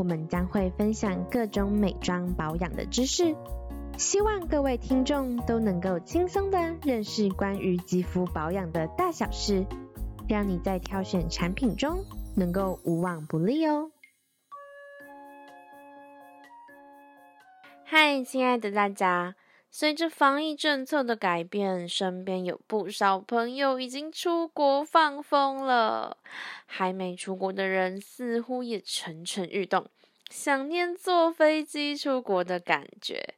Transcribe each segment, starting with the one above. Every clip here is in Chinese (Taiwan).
我們將會分享各種美妝保養的知識，希望各位聽眾都能夠輕鬆的認識關於肌膚保養的大小事，讓你在挑選產品中能夠無往不利哦。嗨，親愛的大家。隨着防疫政策的改變，身邊有不少朋友已經出國放風了。還沒出國的人似乎也蠢蠢欲動，想念坐飛機出國的感覺。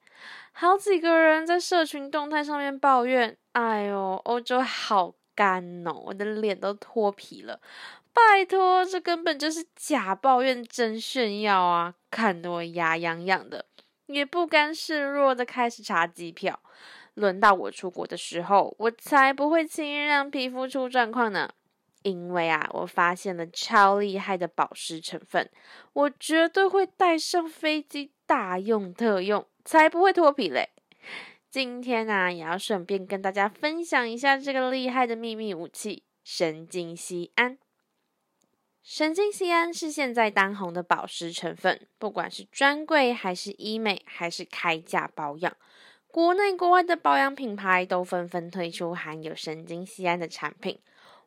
好幾個人在社群動態上面抱怨：“哎呦，歐洲好乾哦，我的臉都脫皮了。”拜託，這根本就是假抱怨，真炫耀啊！看得我牙癢癢的。也不甘示弱地開始查機票。輪到我出國的時候，我才不會輕易讓皮膚出狀況呢。因為啊，我發現了超厲害的保濕成分，我絕對會帶上飛機，大用特用，才不會脫皮嘞。今天呢、啊，也要順便跟大家分享一下這個厲害的祕密武器——神經酰胺。神經酰胺是現在當紅的保濕成分，不管是專櫃還是醫美，還是開架保養，國內國外的保養品牌都紛紛推出含有神經酰胺的產品。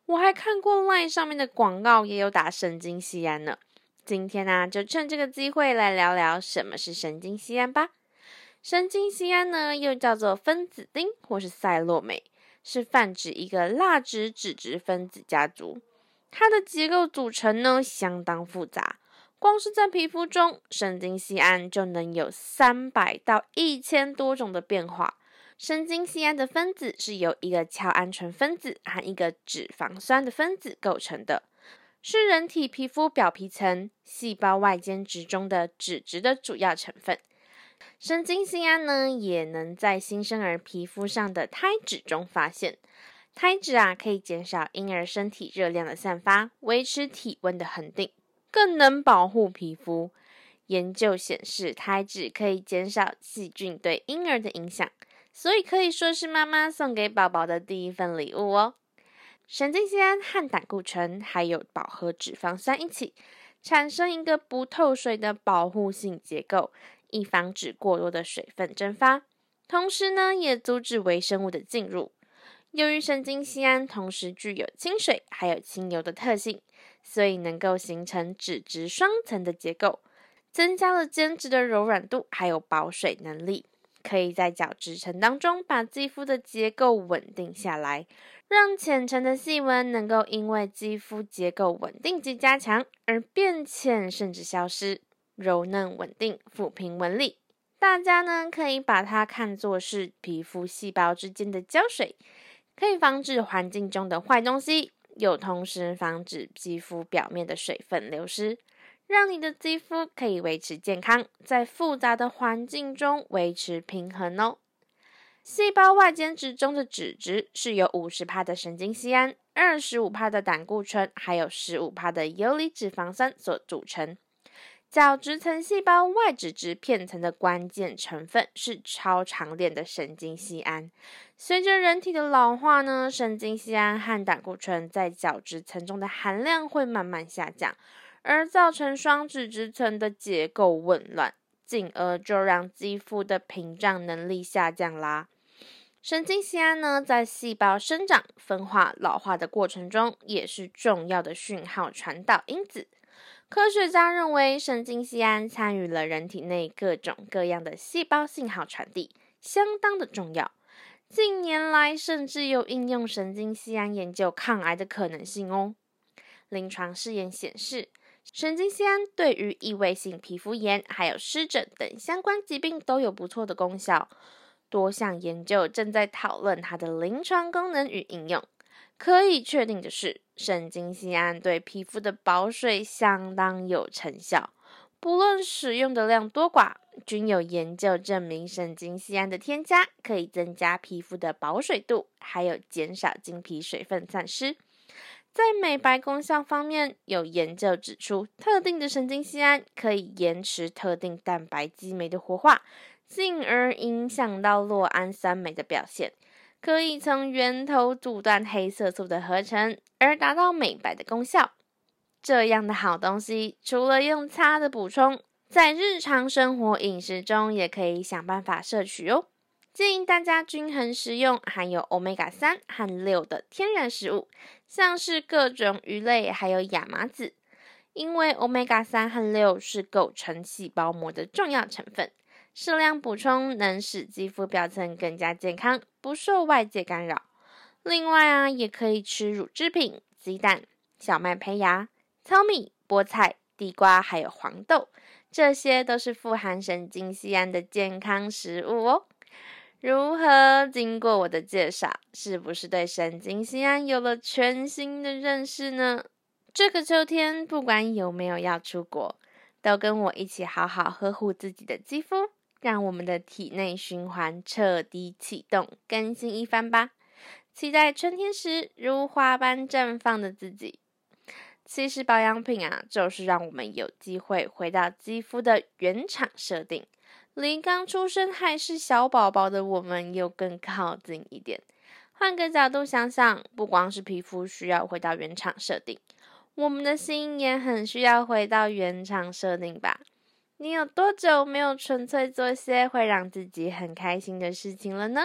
我還看過 LINE 上面的廣告，也有打神經酰胺呢。今天呢、啊，就趁這個機會來聊聊什麼是神經酰胺吧。神經酰胺呢，又叫做分子釘或是賽洛美，是泛指一個蠟質脂質分子家族。它的結構組成呢，相當複雜。光是在皮膚中，神經酰胺就能有三百到一千多種的變化。神經酰胺的分子是由一個鞘氨醇分子和一個脂肪酸的分子構成的，是人體皮膚表皮層細胞外間質中的脂質的主要成分。神經酰胺呢，也能在新生兒皮膚上的胎脂中發現。胎脂啊，可以減少嬰兒身體熱量的散發，維持體溫的恆定，更能保護皮膚。研究顯示，胎脂可以減少細菌對嬰兒的影響，所以可以說是媽媽送給寶寶的第一份禮物哦。神經酰胺和膽固醇還有飽和脂肪酸一起，產生一個不透水的保護性結構，以防止過多的水分蒸發，同時呢，也阻止微生物的進入。由於神經酰胺同時具有親水還有親油的特性，所以能夠形成脂質雙層的結構，增加了脂質的柔軟度還有保水能力，可以在角質層當中把肌膚的結構穩定下來，讓淺層的細紋能夠因為肌膚結構穩定及加強而變淺甚至消失，柔嫩穩定，撫平紋理。大家呢，可以把它看作是皮膚細胞之間的膠水。可以防止環境中的壞東西，又同時防止肌膚表面的水分流失，讓你的肌膚可以維持健康，在複雜的環境中維持平衡哦。細胞外間質中的脂質是由五十趴的神經酰胺、二十五趴的膽固醇，還有十五趴的游離脂肪酸所組成。角質層細胞外脂質片層的關鍵成分是超長鏈的神經酰胺。隨着人體的老化呢，神經酰胺和膽固醇在角質層中的含量會慢慢下降，而造成雙脂質層的結構紊亂，進而就讓肌膚的屏障能力下降啦。神經酰胺呢，在細胞生長、分化、老化的過程中，也是重要的訊號傳導因子。科學家認為，神經酰胺參與了人體內各種各樣的細胞信號傳遞，相當的重要。近年來，甚至有應用神經酰胺研究抗癌的可能性哦。臨床試驗顯示，神經酰胺對於異位性皮膚炎、還有濕疹等相關疾病都有不錯的功效。多項研究正在討論它的臨床功能與應用。可以確定的是，神經酰胺對皮膚的保水相當有成效，不論使用的量多寡，均有研究證明神經酰胺的添加可以增加皮膚的保水度，還有減少經皮水分散失。在美白功效方面，有研究指出，特定的神經酰胺可以延遲特定蛋白激酶的活化，進而影響到酪氨酸酶的表現。可以從源頭阻斷黑色素的合成，而達到美白的功效。這樣的好東西，除了用擦的補充，在日常生活飲食中也可以想辦法攝取哦。建議大家均衡食用含有 Omega 三和六的天然食物，像是各種魚類還有亞麻籽，因為 Omega 三和六是構成細胞膜的重要成分。適量補充能使肌膚表層更加健康，不受外界干擾。另外啊，也可以吃乳製品、雞蛋、小麥胚芽、糙米、菠菜、地瓜還有黃豆，這些都是富含神經酰胺的健康食物哦。如何？經過我的介紹，是不是對神經酰胺有了全新的認識呢？這個秋天，不管有沒有要出國，都跟我一起好好呵護自己的肌膚。讓我們的體內循環徹底啟動，更新一番吧！期待春天時如花般綻放的自己。其實保養品啊，就是讓我們有機會回到肌膚的原廠設定，離剛出生還是小寶寶的我們又更靠近一點。換個角度想想，不光是皮膚需要回到原廠設定，我們的心也很需要回到原廠設定吧？你有多久沒有純粹做些會讓自己很開心的事情了呢？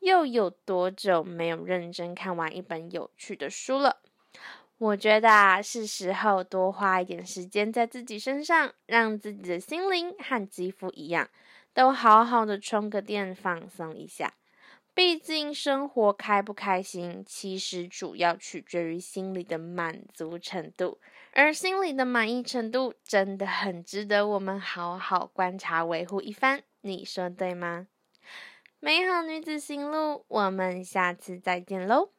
又有多久沒有認真看完一本有趣的書了？我覺得啊，是時候多花一點時間在自己身上，讓自己的心靈和肌膚一樣，都好好的充個電，放鬆一下。畢竟，生活開不開心，其實主要取決於心理的滿足程度，而心理的滿意程度，真的很值得我們好好觀察、維護一番。你說對嗎？美好女子行路，我們下次再見嘍。